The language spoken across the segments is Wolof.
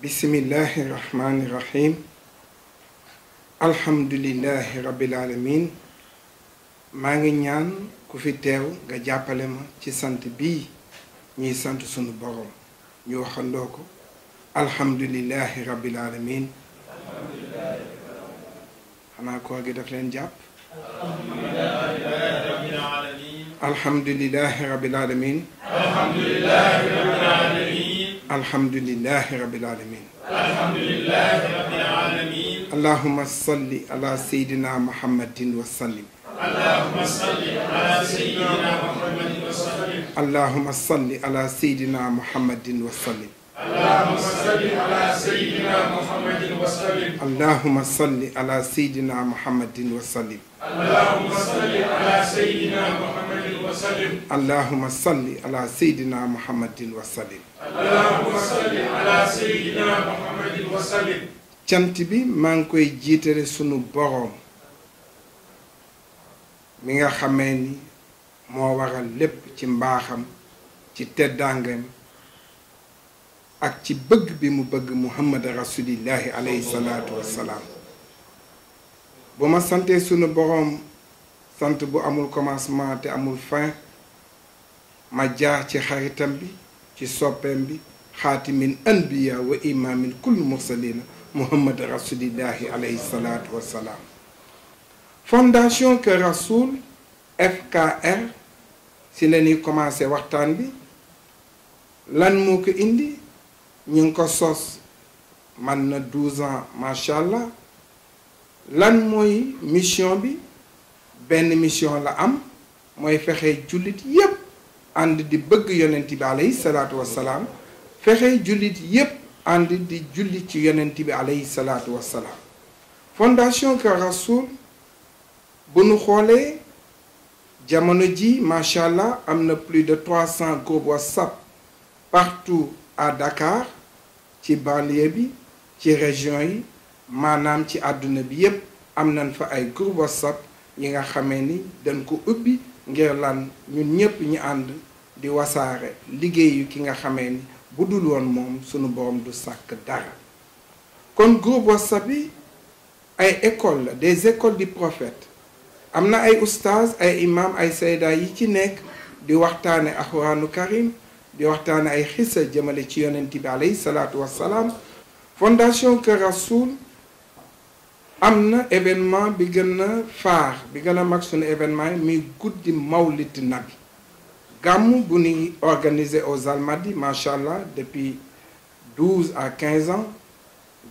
بسم الله الرحمن الرحيم الحمد لله رب العالمين ما نيان كوفي تيو غا جابالما سي سانت بي ني سانت سونو بوروم ني وخاندوكو الحمد لله رب العالمين انا كو غي داف لين جاب الحمد لله رب العالمين الحمد لله رب العالمين الحمد لله رب العالمين الحمد لله رب العالمين الحمد لله رب العالمين اللهم صل على سيدنا محمد وسلم اللهم صل على سيدنا محمد وسلم اللهم صل على سيدنا محمد وسلم اللهم صل على سيدنا محمد وسلم اللهم صل على سيدنا محمد وسلم اللهم وسلم اللهم صل على سيدنا محمد cant bi maa ngi koy jiitale sunu boroom mi nga xamee ni moo waral lépp ci mbaaxam ci teddaangam ak ci bëgg bi mu bëgg muhammad rasulillahi alayhi salaatu wassalaam bu ma santee sunu boroom sant bu amul commencement te amul fin ma jaar ci xaritam bi ci soppeem bi xaatimin anbiya wa imaamin kull mursalina muhammad rasulillahi alayhi salaatu wassalaam fondation que rasoul fkr si la ñuy commencé waxtaan bi lan moo ko indi ñu ngi ko sos man na douze ans macha allah lan mooy mission bi Ben mission la am moy fexé yépp di bëgg alayhi yépp di ci fondation Karasoul, rasoul bu nu xolé jamono plus de 300 groupes WhatsApp partout à Dakar ci banlieue bi ci région yi ci bi WhatsApp yi nga xamee ni dañ ko ubbi ngir lan ñun ñépp ñu ànd di wasaare liggéeyu ki nga xamee ni bu dul woon moom sunu borom du sàkk dara kon groupe whatsapp ay école la des écoles du prophète am na ay oustaz ay imam ay sayda yi ci nekk di waxtaane alxuraanu karim di waxtaane ay xisa jëmale ci yonent bi aleyhi salaatu wassalaam fondation Kër Rassoul am na événement bi gën a faax bi gën a mag suñu événement yi muy guddi mawlit nabi gàmm bu ñuy organisé aux Almadies macha allah depuis douze à quinze ans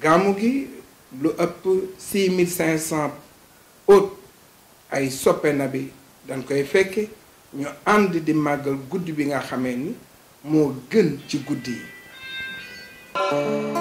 gàmmu gi lu ëpp six mille cinq cent ay soppe nabi dañ koy fekke ñu ànd di màggal guddi bi nga xamee ni moo gën ci guddi yi